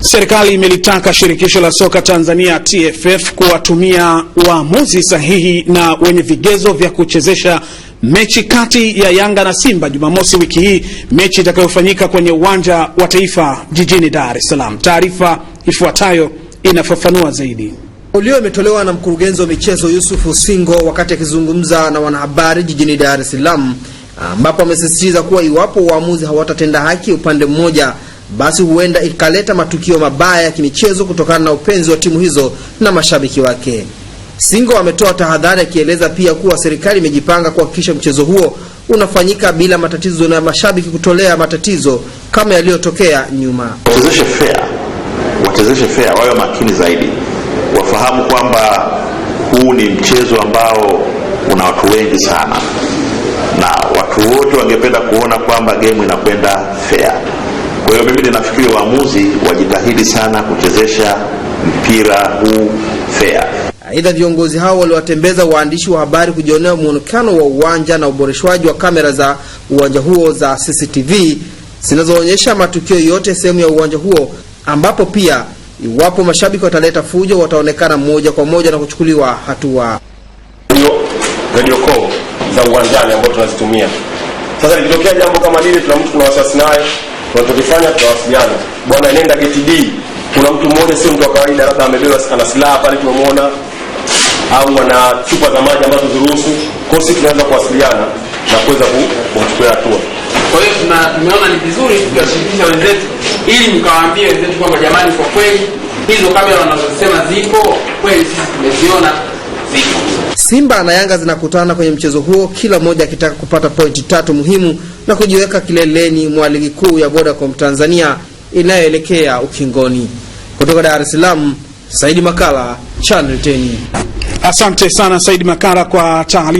Serikali imelitaka shirikisho la soka Tanzania TFF kuwatumia waamuzi sahihi na wenye vigezo vya kuchezesha mechi kati ya Yanga na Simba Jumamosi wiki hii, mechi itakayofanyika kwenye uwanja wa Taifa jijini Dar es Salaam. Taarifa ifuatayo inafafanua zaidi. Ulio imetolewa na mkurugenzi wa michezo Yusuf Usingo wakati akizungumza na wanahabari jijini Dar es Salaam, ambapo amesisitiza kuwa iwapo waamuzi hawatatenda haki upande mmoja basi huenda ikaleta matukio mabaya ya kimichezo kutokana na upenzi wa timu hizo na mashabiki wake. Singo ametoa tahadhari akieleza pia kuwa serikali imejipanga kuhakikisha mchezo huo unafanyika bila matatizo na mashabiki kutolea matatizo kama yaliyotokea nyuma. Wachezeshe fair, wachezeshe fair, wawe makini zaidi, wafahamu kwamba huu ni mchezo ambao una watu wengi sana, na watu wote wangependa kuona kwamba game inakwenda fair. Kwa hiyo mimi ninafikiri waamuzi wajitahidi sana kuchezesha mpira huu fair. Aidha, viongozi hao waliwatembeza waandishi wa habari kujionea mwonekano wa uwanja na uboreshwaji wa kamera za uwanja huo za CCTV zinazoonyesha matukio yote sehemu ya uwanja huo, ambapo pia iwapo mashabiki wataleta fujo wataonekana moja kwa moja na kuchukuliwa hatua. Radio call za uwanjani ambazo tunazitumia sasa, likitokea jambo kama lile, tuna mtu tuna wasiwasi naye tunachokifanya tunawasiliana bwana nenda geti d kuna mtu mmoja sio mtu wa kawaida labda amebewa ana silaha pale tumemwona au ana chupa za maji ambazo ziruhusu kosi tunaweza kuwasiliana na kuweza kuchukua hatua kwa hiyo tumeona ni vizuri tukiwashirikisha wenzetu ili mkawaambia wenzetu kwamba jamani kwa kweli hizo kamera wanazosema zipo kweli sisi tumeziona zipo simba na yanga zinakutana kwenye mchezo huo kila mmoja akitaka kupata pointi tatu muhimu na kujiweka kileleni mwa ligi kuu ya Vodacom Tanzania inayoelekea ukingoni. Kutoka Dar es Salaam, Saidi Makala, Channel 10. Asante sana Saidi Makala kwa taarifa.